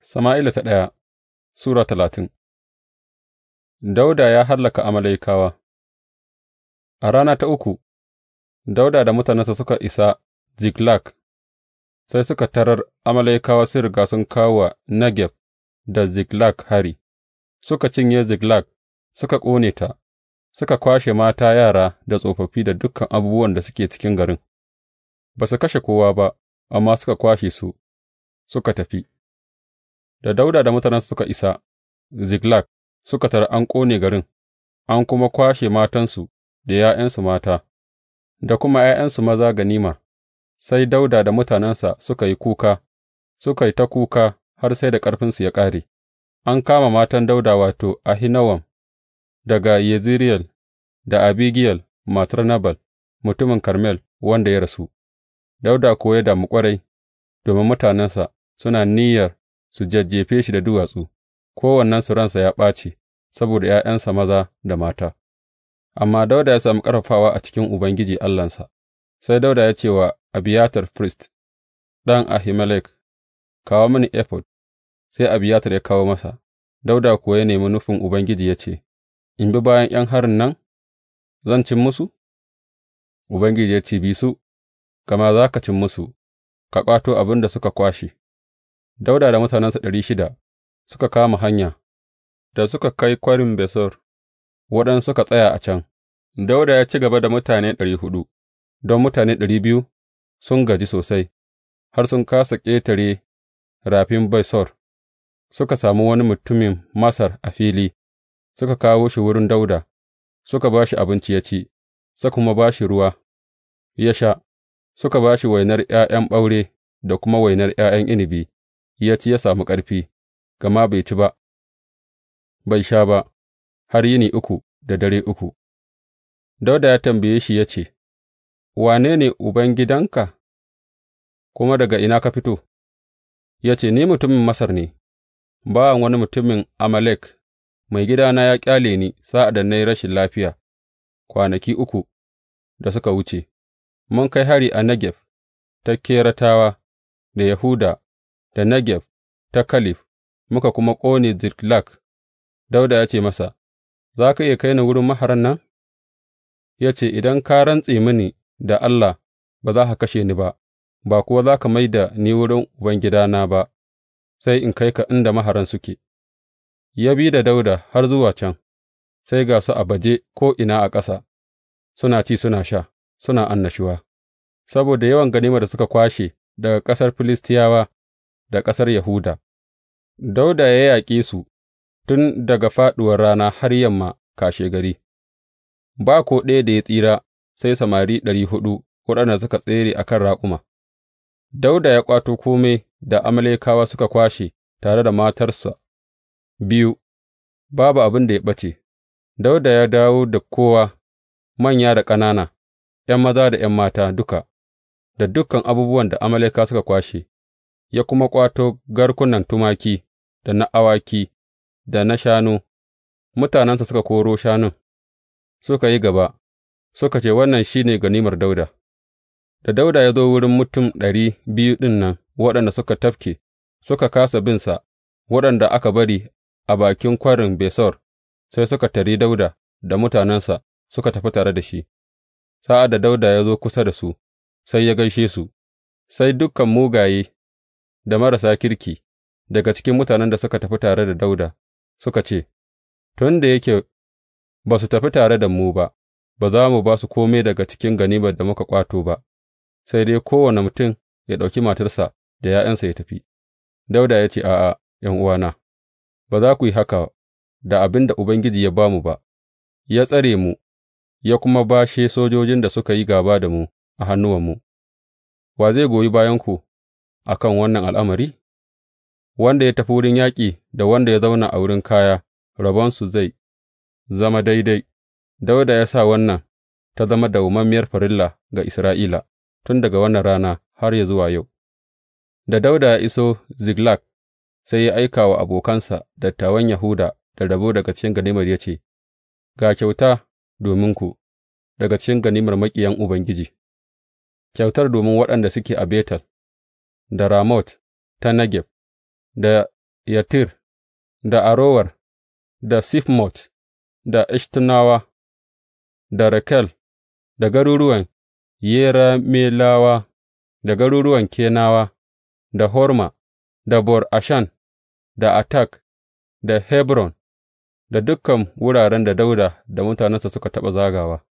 Sama'ila ta ɗaya Sura talatin Dauda ya hallaka Amalekawa A rana ta uku, Dauda da mutanensa suka isa Ziklak, sai suka tarar Amalekawa sun riga sun kawo wa da Ziklak hari, suka cinye Ziklak, suka ƙone ta, suka kwashe mata, yara da tsofaffi da dukan abubuwan da suke cikin garin, ba su kashe kowa ba, amma suka kwashe su, suka tafi. Da Dawuda da mutanensa suka isa Ziklag, suka tarar an ƙone garin, an kuma kwashe matansu da ’ya'yansu mata, da kuma ’ya'yansu maza ganima, sai Dawuda da mutanensa suka yi kuka, suka yi ta kuka har sai da ƙarfinsu ya ƙare. An kama matan Dawuda wato, Ahinawam daga Yezireyel da Abigiyel matar Nabal mutumin Karmel wanda ya rasu, Dawuda koya ya damu ƙwarai, domin mutanensa suna niyyar su jajjefe shi da duwatsu, kowannensu ransa ya ɓace saboda ’ya'yansa maza da mata. Amma Dauda ya sami ƙarfafawa a cikin Ubangiji Allahnsa, sai Dauda ya ce wa Abiyatar firist, ɗan Ahimelek, kawo mini efod, sai Abiyatar ya kawo masa, Dauda kuwa ya nemi nufin Ubangiji ya ce, In bi bayan ’yan harin nan, zan cin musu? Ubangiji ya ce, Bi su, gama za ka cin musu, ka ƙwato abin da suka kwashe. Dawuda da mutanensa ɗari shida suka kama hanya, da suka kai Kwarin Besor, waɗansu suka tsaya a can, Dawuda ya ci gaba da mutane ɗari huɗu, don mutane ɗari biyu sun gaji sosai, har sun kasa ƙetare rafin Besor, suka sami wani mutumin Masar a fili, suka kawo shi wurin Dawuda, suka ba shi abinci ya ci, suka kuma ba shi ruwa ya sha, suka ba shi wainar ’ya'yan ɓaure da kuma wainar ’ya'yan inabi. ya ci ya sami ƙarfi, gama bai ci ba, bai sha ba, har yini uku da dare uku. Dauda ya tambaye shi ya ce, Wane ne Ubangidanka, kuma daga ina ka fito? Ya ce, Ni mutumin Masar ne, bawan wani mutumin Amalek, mai gidana ya ƙyale ni sa'ad da na yi rashin lafiya kwanaki uku da suka wuce, mun kai hari a Negev ta Keratawa da Yahuda da Negeb ta Kalif, muka kuma ƙone Ziklag, Dawuda ya ce masa, Za ka iya kai ni wurin maharan nan? Ya ce, Idan ka rantse mini da Allah, ba za ka kashe ni ba, ba kuwa za ka mai da ni wurin Ubangidana ba, sai in kai ka inda maharan suke. Ya bi da Dauda har zuwa can, sai ga su a baje ko'ina a ƙasa, suna ci suna sha, suna annashuwa, saboda yawan ganimar da suka kwashe daga ƙasar Filistiyawa da ƙasar Yahuda, Dauda ya yaƙe su tun daga faɗuwar rana har yamma kashegari, ba ko ɗaya da ya tsira sai samari ɗari huɗu waɗanda suka tsere a kan raƙuma. Dauda ya ƙwato kome da Amalekawa suka kwashe tare da matarsa biyu, babu abin da ya ɓace, Dauda ya dawo da kowa, manya da ƙanana, ’yan maza da ’yan mata duka, da dukan abubuwan da Amalekawa suka kwashe, ya kuma ƙwato garkunan tumaki, da na awaki, da na shanu, mutanensa suka koro shanun, suka yi gaba, suka ce, Wannan shi ne ganimar Dauda. Da Dauda ya zo wurin mutum ɗari biyu ɗin nan waɗanda suka tafke, suka kāsa binsa, waɗanda aka bari a bakin kwarin Besor, sai suka tari Dauda da mutanensa suka tafi tare da shi. Sa'ad da Dauda ya zo kusa da su, sai ya gaishe su, sai dukan mugaye da marasa kirki daga cikin mutanen da suka tafi tare da Dawuda suka ce, Tun da yake ba su tafi tare da mu ba, ba za mu ba su kome daga cikin ganimar da muka ƙwato ba, sai dai kowane mutum ya ɗauki matarsa da ’ya'yansa ya tafi. Dauda ya ce, A'a, ’yan uwana, ba za ku yi haka da abin da Ubangiji ya ba mu ba, ya tsare mu, ya kuma bashe sojojin da suka yi gaba da mu a hannuwanmu, wa zai goyi bayanku a kan wannan al'amari, wanda ya tafi wurin yaƙi da wanda ya zauna a wurin kaya, rabonsu zai zama daidai, Dauda ya sa wannan ta zama dawwammamiyar farilla ga Isra'ila tun daga wannan rana har ya zuwa yau. Da Dauda ya iso Ziklag, sai ya aika wa abokansa dattawan Yahuda da rabo daga cikin ganimar ya ce, Ga kyauta dominku daga cikin ganimar maƙiyan Ubangiji, kyautar domin waɗanda suke a Betel da Ramot ta Negeb, da Yatir da Arowar, da Sifmot, da Eshtenawa, da Rakel, da garuruwan Yeramelawa, da garuruwan Kenawa, da Horma, da Bor Ashan, da Atak, da Hebron, da dukan wuraren da Dauda da mutanensa suka taɓa zagawa.